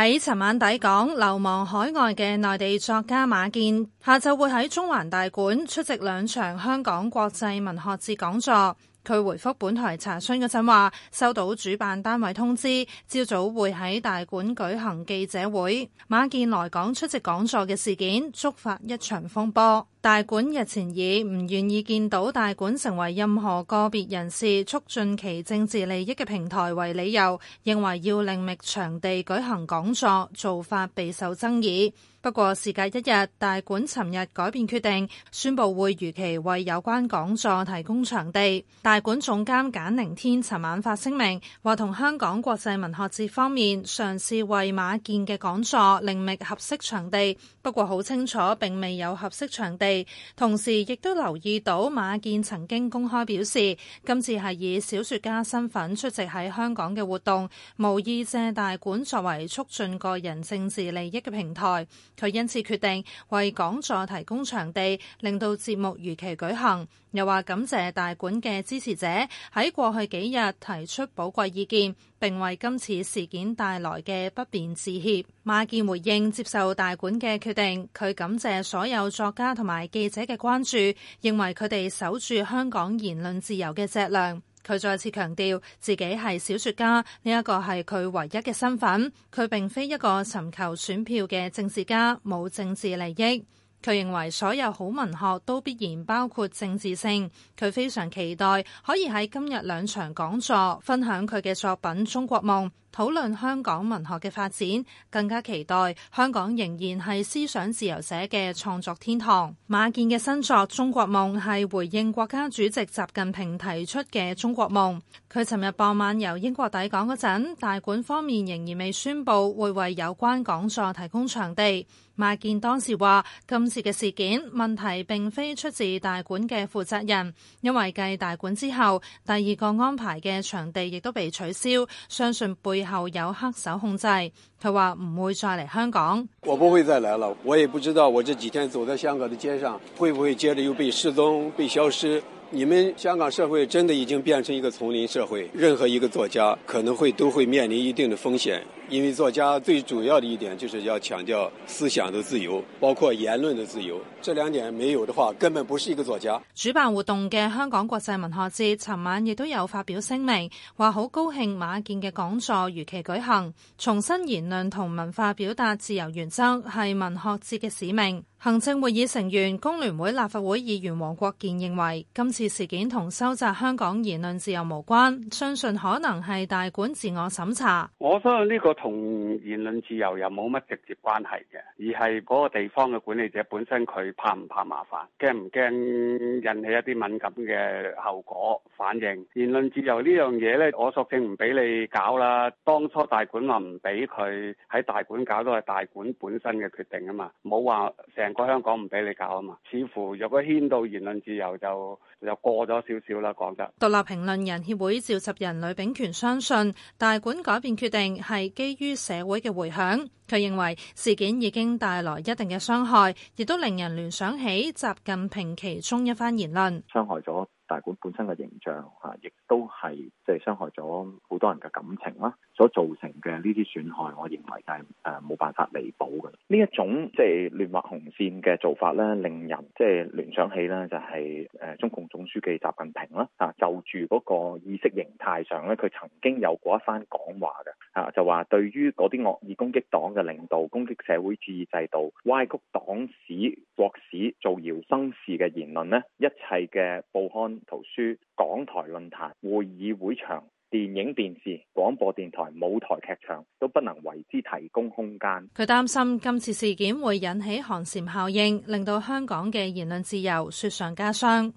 喺尋晚抵港，流亡海外嘅內地作家馬建。下晝會喺中環大館出席兩場香港國際文學節講座。佢回覆本台查詢嗰陣話：收到主辦單位通知，朝早會喺大館舉行記者會。馬建來港出席講座嘅事件觸發一場風波。大館日前以唔願意見到大館成為任何個別人士促進其政治利益嘅平台為理由，認為要另覓場地舉行講座，做法備受爭議。不過，時隔一日，大館尋日改變決定，宣布會如期為有關講座提供場地。大館總監簡寧天尋晚發聲明，話同香港國際文學節方面嘗試為馬建嘅講座另覓合適場地，不過好清楚並未有合適場地。同時亦都留意到馬建曾經公開表示，今次係以小説家身份出席喺香港嘅活動，無意借大館作為促進個人政治利益嘅平台。佢因此決定為講座提供場地，令到節目如期舉行。又話感謝大館嘅支持者喺過去幾日提出寶貴意見，並為今次事件帶來嘅不便致歉。馬建回應接受大館嘅決定，佢感謝所有作家同埋記者嘅關注，認為佢哋守住香港言論自由嘅脊樑。佢再次強調自己係小說家，呢一個係佢唯一嘅身份。佢並非一個尋求選票嘅政治家，冇政治利益。佢認為所有好文學都必然包括政治性。佢非常期待可以喺今日兩場講座分享佢嘅作品《中國夢》。討論香港文學嘅發展，更加期待香港仍然係思想自由者嘅創作天堂。馬建嘅新作《中國夢》係回應國家主席習近平提出嘅《中國夢》。佢尋日傍晚由英國抵港嗰陣，大館方面仍然未宣布會為有關講座提供場地。馬建當時話：今次嘅事件問題並非出自大館嘅負責人，因為繼大館之後，第二個安排嘅場地亦都被取消，相信背最後有黑手控制，佢話唔會再嚟香港。我不會再來了，我也不知道我這幾天走在香港的街上，會不會接着又被失蹤、被消失。你們香港社會真的已經變成一個叢林社會，任何一個作家可能會都會面臨一定的風險，因為作家最主要的一點就是要強調思想的自由，包括言論的自由。這兩點沒有的話，根本不是一個作家。主辦活動嘅香港國際文學節尋晚亦都有發表聲明，話好高興馬建嘅講座如期舉行。重新言論同文化表達自由原則係文學節嘅使命。行政會議成員、工聯會立法會議員黃國健認為，今次事件同收窄香港言論自由無關，相信可能係大館自我審查。我相信呢個同言論自由又冇乜直接關係嘅，而係嗰個地方嘅管理者本身佢怕唔怕麻煩，驚唔驚引起一啲敏感嘅後果反應？言論自由呢樣嘢呢，我索性唔俾你搞啦。當初大館話唔俾佢喺大館搞都係大館本身嘅決定啊嘛，冇話成。個香港唔俾你搞啊嘛，似乎若果牽到言論自由就，就又過咗少少啦。講真。獨立評論人協會召集人呂秉權相信，大館改變決定係基於社會嘅回響。佢認為事件已經帶來一定嘅傷害，亦都令人聯想起習近平其中一番言論，傷害咗大館本身嘅形象嚇，亦、啊、都係即係傷害咗好多人嘅感情啦、啊。所造成嘅呢啲損害，我認為係誒冇辦法彌補嘅。呢一種即係亂畫紅線嘅做法咧，令人即係、就是、聯想起咧，就係誒中共總書記習近平啦嚇、啊。就住嗰個意識形態上咧，佢曾經有過一番講話嘅嚇、啊，就話對於嗰啲惡意攻擊黨嘅領導、攻擊社會主義制度、歪曲黨史國史、造謠生事嘅言論咧，一切嘅報刊、圖書港台、論壇、會議、會場、電影、電視、廣播電台、舞台劇場都不能為之提供空間，佢擔心今次事件會引起寒蟬效應，令到香港嘅言論自由雪上加霜。